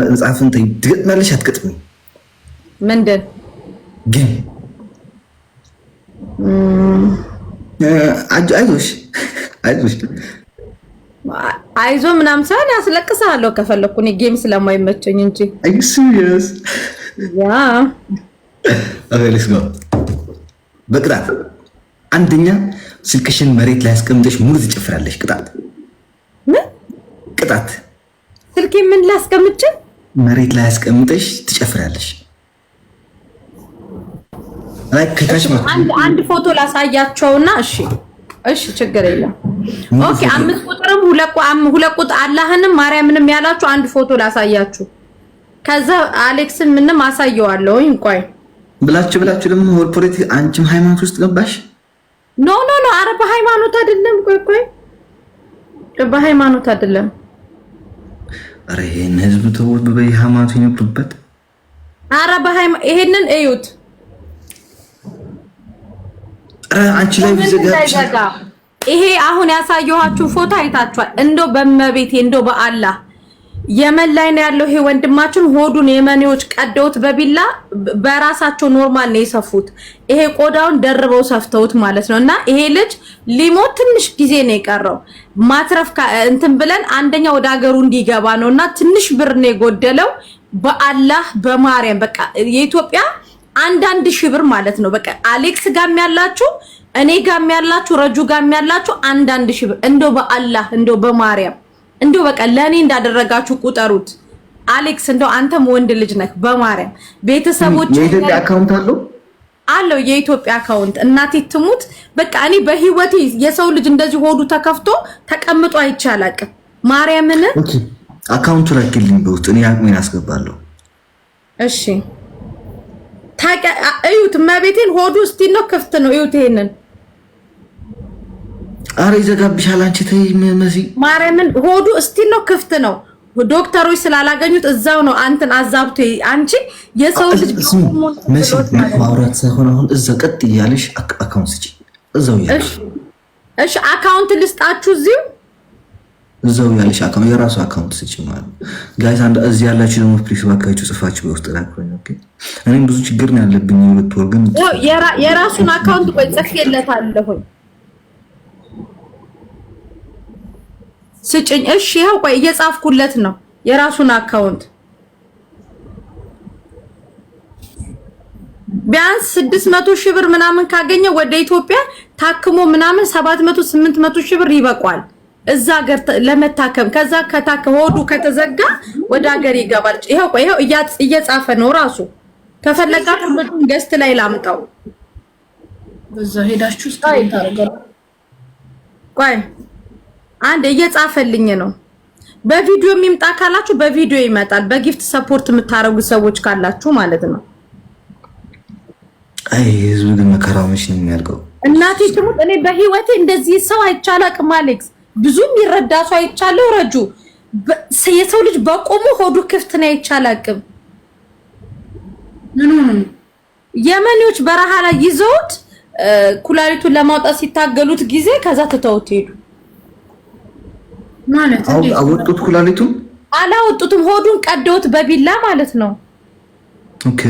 መጽሐፍን ትገጥማለሽ አትገጥምም? ምንድን ግን አይዞሽ አይዞሽ አይዞ ምናምን ሳይሆን ያስለቅሳለሁ ከፈለኩ እኔ ጌም ስለማይመቸኝ እንጂ በቅጣት አንደኛ ስልክሽን መሬት ላይ አስቀምጠሽ ሙሉ ትጨፍራለሽ። ቅጣት ቅጣት ስልኬ ምን ላስቀምጭ? መሬት ላይ አስቀምጠሽ ትጨፍራለሽ። አንድ ፎቶ ላሳያቸውና፣ እሺ እሺ፣ ችግር የለም ኦኬ። አምስት ቁጥርም ሁለት ቁጥር አላህንም ማርያምንም ያላችሁ አንድ ፎቶ ላሳያችሁ። ከዛ አሌክስን ምንም አሳየዋለሁኝ። እንቋይ ብላችሁ ብላችሁ ደግሞ ወር ፖለቲካ፣ አንቺም ሃይማኖት ውስጥ ገባሽ? ኖ ኖ ኖ፣ አረ በሃይማኖት አይደለም። ቆይ ቆይ፣ በሃይማኖት አይደለም ኧረ ይሄን ህዝብ ተውብ በየሃይማኖት ይነጡበት። ኧረ በሃይማኖት ይሄንን እዩት። ኧረ አንቺ ላይ ይዘጋ። ይሄ አሁን ያሳየኋችሁ ፎቶ አይታችኋል። እንደው በመቤቴ እንደው በአላህ የመን ላይ ነው ያለው። ይሄ ወንድማችን ሆዱን የመኔዎች ቀደውት በቢላ በራሳቸው ኖርማል ነው የሰፉት። ይሄ ቆዳውን ደርበው ሰፍተውት ማለት ነው። እና ይሄ ልጅ ሊሞት ትንሽ ጊዜ ነው የቀረው። ማትረፍ እንትን ብለን አንደኛ ወደ ሀገሩ እንዲገባ ነው እና ትንሽ ብር ነው የጎደለው። በአላህ በማርያም በቃ የኢትዮጵያ አንዳንድ ሺህ ብር ማለት ነው። በቃ አሌክስ ጋም ያላችሁ እኔ ጋም ያላችሁ ረጁ ጋም ያላችሁ አንዳንድ ሺህ ብር እንደው በአላህ እንደው በማርያም እንዲሁ በቃ ለእኔ እንዳደረጋችሁ ቁጠሩት። አሌክስ እንደው አንተም ወንድ ልጅ ነህ፣ በማርያም ቤተሰቦች የኢትዮጵያ አካውንት አለው አለው የኢትዮጵያ አካውንት እናቴ ትሙት። በቃ እኔ በህይወቴ የሰው ልጅ እንደዚህ ሆዱ ተከፍቶ ተቀምጦ አይቼ አላውቅም። ማርያምን አካውንቱ ላይ በውስጥ እኔ አቅሜን አስገባለሁ። እሺ እዩት፣ እመቤቴን ሆዱ እስቲ ነው ክፍት ነው። እዩት ይሄንን አረ ይዘጋብሻል። አንቺ ተይ መሲ ማርያምን። ሆዱ እስቲል ነው ክፍት ነው። ዶክተሮች ስላላገኙት እዛው ነው አንተን አዛብቶ። አንቺ የሰው ልጅ መሲ ማውራት ሳይሆን አሁን እዛ ቀጥ እያለሽ አካውንት ስጪ እዛው ያለሽ። እሺ አካውንት ልስጣችሁ እዚሁ እዛው ያለሽ አካውንት የራሱ አካውንት ስጪ ማለት ጋይስ። አንድ እዚህ ያላችሁ ደግሞ ፕሊስ ባካችሁ ጽፋችሁ በውስጥ ላኩኝ። ኦኬ እኔም ብዙ ችግር ነው ያለብኝ። የሁለት ወር ግን የራሱን አካውንት ቆይ ጽፌለታለሁ ስጭኝ። እሺ ይኸው ቆይ እየጻፍኩለት ነው የራሱን አካውንት ቢያንስ 600 ሺህ ብር ምናምን ካገኘ ወደ ኢትዮጵያ ታክሞ ምናምን 700 800 ሺህ ብር ይበቋል እዛ ሀገር ለመታከም። ከዛ ከታከ ሆዱ ከተዘጋ ወደ ሀገር ይገባል። ይሄው ቆይ ይሄው እየጻፈ ነው ራሱ። ከፈለጋ ሁሉም ገስት ላይ ላምጣው። በዛ ሄዳችሁ ስታይ ታረጋለህ። ቆይ አንድ እየጻፈልኝ ነው። በቪዲዮ የሚምጣ ካላችሁ በቪዲዮ ይመጣል። በጊፍት ሰፖርት የምታደርጉ ሰዎች ካላችሁ ማለት ነው። አይ ህዝቡ ግን መከራው መች ነው የሚያልቀው? እናቴ ትሙት፣ እኔ በህይወቴ እንደዚህ ሰው አይቻላቅም። አሌክስ ብዙም ይረዳ ሰው አይቻለው። ረጁ የሰው ልጅ በቆሙ ሆዱ ክፍት ነው አይቻላቅም። የመኔዎች በረሃ ላይ ይዘውት ኩላሊቱን ለማውጣት ሲታገሉት ጊዜ ከዛ ትተውት ሄዱ። አወጡት። ኩላሊቱን አላወጡትም። ሆዱን ቀደውት በቢላ ማለት ነው። ኦኬ።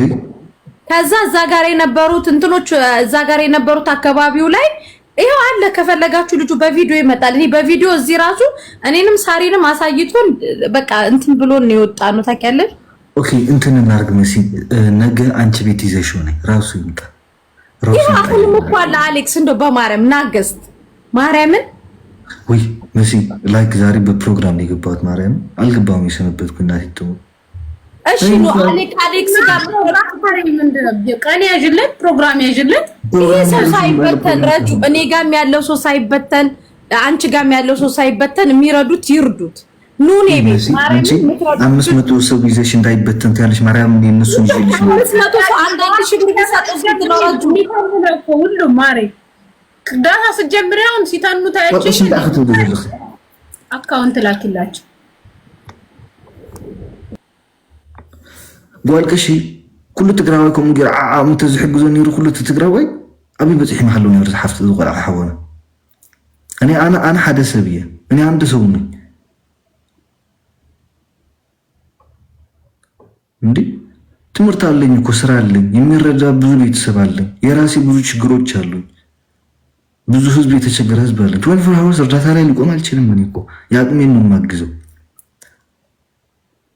ከዛ እዛ ጋር የነበሩት እንትኖች እዛ ጋር የነበሩት አካባቢው ላይ ይሄው አለ። ከፈለጋችሁ ልጁ በቪዲዮ ይመጣል። እኔ በቪዲዮ እዚህ ራሱ እኔንም ሳሪንም አሳይቶን በቃ እንትን ብሎ ነው የወጣ ነው። ታውቂያለሽ? ኦኬ እንትን እናድርግ መሲ፣ ነገ አንቺ ቤት ይዘሽ ሆነ ራሱ ይመጣል። ይሄ አሁንም እኮ አለ አሌክስ፣ እንደው በማርያም ናገስት ማርያምን ወይ መሲ ላይክ ዛሬ በፕሮግራም ነው የገባሁት። ማርያም አልገባሁም። የሰነበት ኩናት ይጥሙ እሺ፣ ነው አሌክስ ጋር ቀን ያዥለት ፕሮግራም ያዥለት። ይሄ ሰው ሳይበተን ረጁ እኔ ጋም ያለው ሰው ሳይበተን፣ አንቺ ጋም ያለው ሰው ሳይበተን፣ የሚረዱት ይርዱት። ኑኔ ቤት አምስት መቶ ሰው ይዘሽ እንዳይበተን ትያለሽ ማርያም። እነሱ ይዤልሽ ነው አምስት መቶ ሰው አንዳንድ ሺህ ብር ሁሉ ማሬ ዳታ ስጀምሪያውም አሁን ሲተኑ ታያቸው። አካውንት ላኪላቸው ጓልቅሺ ኩሉ ትግራዋይ ከምኡ ገር ዓዓም ተዝሕግዞ ነይሩ ኩሉ ትግራዋይ ኣብይ በፂሒ መሃለዉ ነይሩ ዝሓፍቲ ዝቆል ሓወነ እኔ ኣነ ኣነ ሓደ ሰብ እየ እኔ ኣንደ ሰውኒ እንዲ ትምህርቲ ኣለኝ እኮ ስራ ኣለኝ የሚረዳ ብዙ ቤተሰብ ኣለኝ የራሴ ብዙ ችግሮች ኣሉኝ ብዙ ህዝብ የተቸገረ ህዝብ አለ። ትወልፍ ሀውስ እርዳታ ላይ ሊቆም አልችልም። እኔ እኮ የአቅሜን ነው የማግዘው።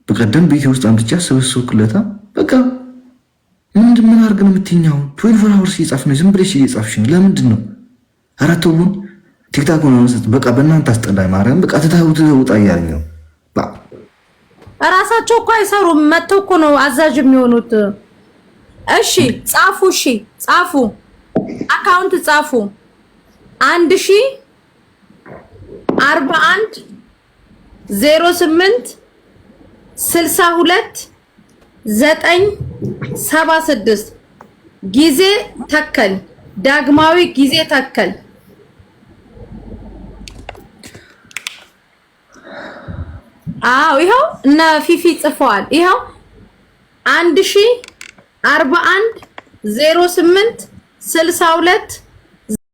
በቀደም ቤቴ ውስጥ አምጥቼ አሰበሰብኩለታ። በቃ ምንድን ምን አድርግ ነው የምትኛው? ትወልፍ ሀውስ እየጻፍ ነው። ዝም ብለሽ እየጻፍሽ ነው። ለምንድን ነው አራተውን ቲክታክ ሆነ መስት በቃ በእናንተ አስጠላኝ። ማርያም በቃ ትታው ትውጣ እያለኝ ነው። እራሳቸው እኮ አይሰሩም። መተው እኮ ነው አዛዥ የሚሆኑት። እሺ ጻፉ፣ እሺ ጻፉ፣ አካውንት ጻፉ አንድ ሺ አርባ አንድ ዜሮ ስምንት ስልሳ ሁለት ዘጠኝ ሰባ ስድስት ጊዜ ተከል ዳግማዊ ጊዜ ተከል አው ይኸው እነ ፊፊ ጽፈዋል። ይኸው 08 62